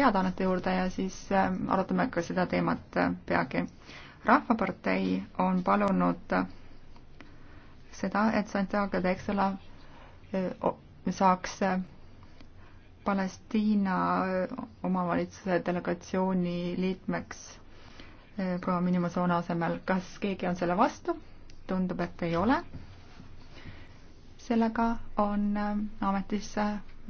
teadaannete juurde ja siis ähm, arutame ka seda teemat äh, peagi. rahvapartei on palunud äh, seda, et Santiago de Excela äh, saaks Palestiina omavalitsuse delegatsiooni liikmeks proua Minimasoone asemel. kas keegi on selle vastu? tundub, et ei ole. sellega on ametisse